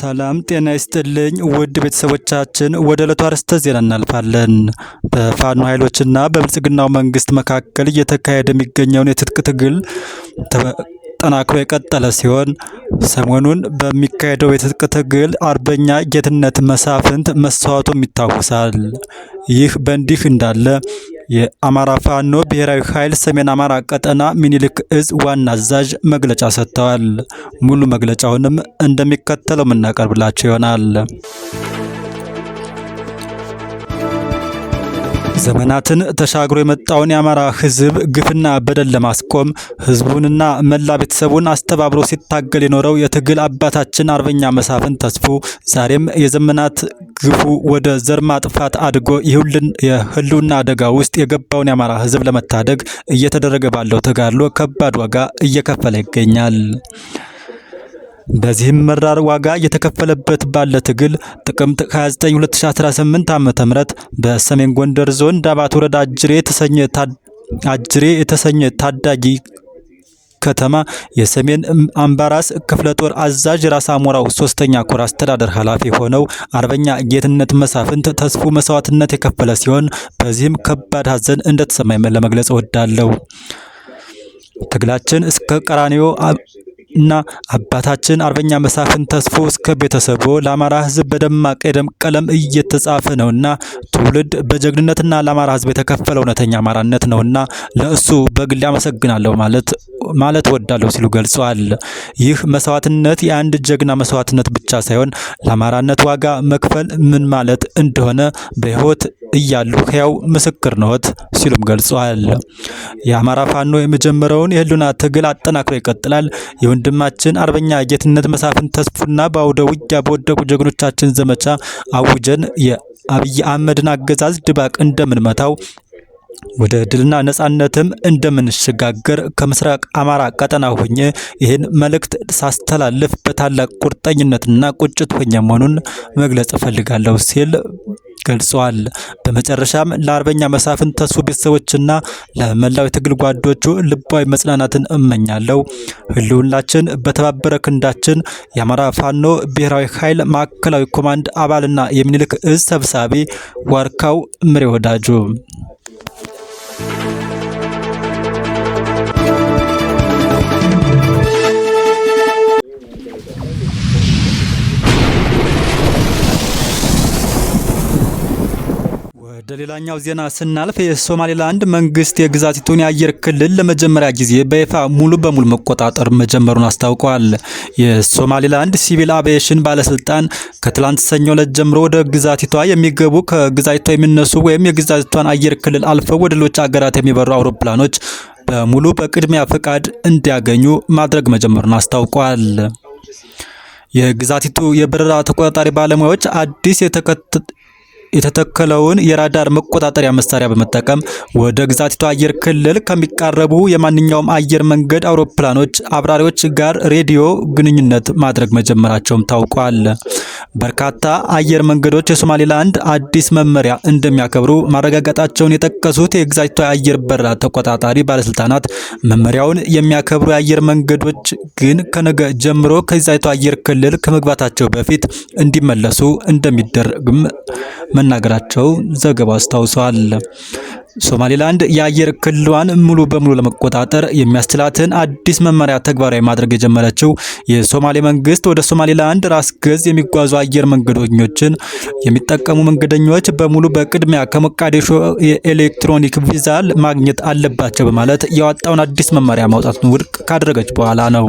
ሰላም ጤና ይስጥልኝ ውድ ቤተሰቦቻችን፣ ወደ ዕለቱ አርዕስተ ዜና እናልፋለን። በፋኖ ኃይሎችና በብልጽግናው መንግስት መካከል እየተካሄደ የሚገኘውን የትጥቅ ትግል ተጠናክሮ የቀጠለ ሲሆን ሰሞኑን በሚካሄደው የትጥቅ ትግል አርበኛ ጌትነት መሳፍንት መሰዋቱም ይታወሳል። ይህ በእንዲህ እንዳለ የአማራ ፋኖ ብሔራዊ ኃይል ሰሜን አማራ ቀጠና ሚኒልክ እዝ ዋና አዛዥ መግለጫ ሰጥተዋል። ሙሉ መግለጫውንም እንደሚከተለው የምናቀርብላቸው ይሆናል። ዘመናትን ተሻግሮ የመጣውን የአማራ ህዝብ ግፍና በደል ለማስቆም ህዝቡንና መላ ቤተሰቡን አስተባብሮ ሲታገል የኖረው የትግል አባታችን አርበኛ መሳፍን ተስፉ ዛሬም የዘመናት ግፉ ወደ ዘር ማጥፋት አድጎ የህልውና አደጋ ውስጥ የገባውን የአማራ ህዝብ ለመታደግ እየተደረገ ባለው ተጋድሎ ከባድ ዋጋ እየከፈለ ይገኛል። በዚህም መራር ዋጋ የተከፈለበት ባለ ትግል ጥቅምት 29 2018 ዓ ም በሰሜን ጎንደር ዞን ዳባት ወረዳ አጅሬ አጅሬ የተሰኘ ታዳጊ ከተማ የሰሜን አምባራስ ክፍለ ጦር አዛዥ ራስ አሞራው ሶስተኛ ኮር አስተዳደር ኃላፊ ሆነው አርበኛ ጌትነት መሳፍንት ተስፉ መስዋዕትነት የከፈለ ሲሆን በዚህም ከባድ ሐዘን እንደተሰማኝ ለመግለጽ እወዳለሁ። ትግላችን እስከ ቀራኒዮ እና አባታችን አርበኛ መሳፍን ተስፎ እስከ ቤተሰቦ ለአማራ ህዝብ በደማቅ የደም ቀለም እየተጻፈ ነውና ትውልድ በጀግንነትና ለአማራ ህዝብ የተከፈለ እውነተኛ አማራነት ነውና ለእሱ በግሌ አመሰግናለሁ ማለት ማለት ወዳለሁ ሲሉ ገልጸዋል። ይህ መስዋዕትነት የአንድ ጀግና መስዋዕትነት ብቻ ሳይሆን ለአማራነት ዋጋ መክፈል ምን ማለት እንደሆነ በህይወት እያሉ ሕያው ምስክር ነዎት ሲሉም ገልጸዋል። የአማራ ፋኖ የመጀመረውን የህልውና ትግል አጠናክሮ ይቀጥላል። የወንድማችን አርበኛ ጌትነት መሳፍን ተስፉና በአውደ ውጊያ በወደቁ ጀግኖቻችን ዘመቻ አውጀን የአብይ አህመድን አገዛዝ ድባቅ እንደምንመታው ወደ ድልና ነጻነትም እንደምንሸጋገር ከምስራቅ አማራ ቀጠና ሆኜ ይህን መልእክት ሳስተላልፍ በታላቅ ቁርጠኝነትና ቁጭት ሆኜ መሆኑን መግለጽ እፈልጋለሁ ሲል ገልጸዋል። በመጨረሻም ለአርበኛ መሳፍን ተሱ ቤተሰቦችና ለመላው የትግል ጓዶቹ ልባዊ መጽናናትን እመኛለሁ። ህልውናችን በተባበረ ክንዳችን። የአማራ ፋኖ ብሔራዊ ኃይል ማዕከላዊ ኮማንድ አባልና የሚኒልክ እዝ ሰብሳቢ ዋርካው ምሬ ወዳጁ ሌላኛው ዜና ስናልፍ የሶማሌላንድ መንግስት የግዛቲቱን የአየር ክልል ለመጀመሪያ ጊዜ በይፋ ሙሉ በሙሉ መቆጣጠር መጀመሩን አስታውቋል። የሶማሌላንድ ሲቪል አቪዬሽን ባለስልጣን ከትላንት ሰኞ ዕለት ጀምሮ ወደ ግዛቲቷ የሚገቡ ከግዛቲቷ የሚነሱ ወይም የግዛቲቷን አየር ክልል አልፈው ወደ ሌሎች አገራት የሚበሩ አውሮፕላኖች በሙሉ በቅድሚያ ፈቃድ እንዲያገኙ ማድረግ መጀመሩን አስታውቋል። የግዛቲቱ የበረራ ተቆጣጣሪ ባለሙያዎች አዲስ የተተከለውን የራዳር መቆጣጠሪያ መሳሪያ በመጠቀም ወደ ግዛቲቱ አየር ክልል ከሚቃረቡ የማንኛውም አየር መንገድ አውሮፕላኖች አብራሪዎች ጋር ሬዲዮ ግንኙነት ማድረግ መጀመራቸውም ታውቋል። በርካታ አየር መንገዶች የሶማሌላንድ አዲስ መመሪያ እንደሚያከብሩ ማረጋገጣቸውን የጠቀሱት የግዛቷ የአየር በረራ ተቆጣጣሪ ባለስልጣናት መመሪያውን የሚያከብሩ የአየር መንገዶች ግን ከነገ ጀምሮ ከግዛቷ አየር ክልል ከመግባታቸው በፊት እንዲመለሱ እንደሚደረግም መናገራቸው ዘገባው አስታውሷል። ሶማሌላንድ የአየር ክልሏን ሙሉ በሙሉ ለመቆጣጠር የሚያስችላትን አዲስ መመሪያ ተግባራዊ ማድረግ የጀመረችው የሶማሌ መንግስት ወደ ሶማሌላንድ ራስ ገዝ የሚጓዙ አየር መንገደኞችን የሚጠቀሙ መንገደኞች በሙሉ በቅድሚያ ከሞቃዲሾ የኤሌክትሮኒክ ቪዛ ማግኘት አለባቸው በማለት ያወጣውን አዲስ መመሪያ ማውጣቱን ውድቅ ካደረገች በኋላ ነው።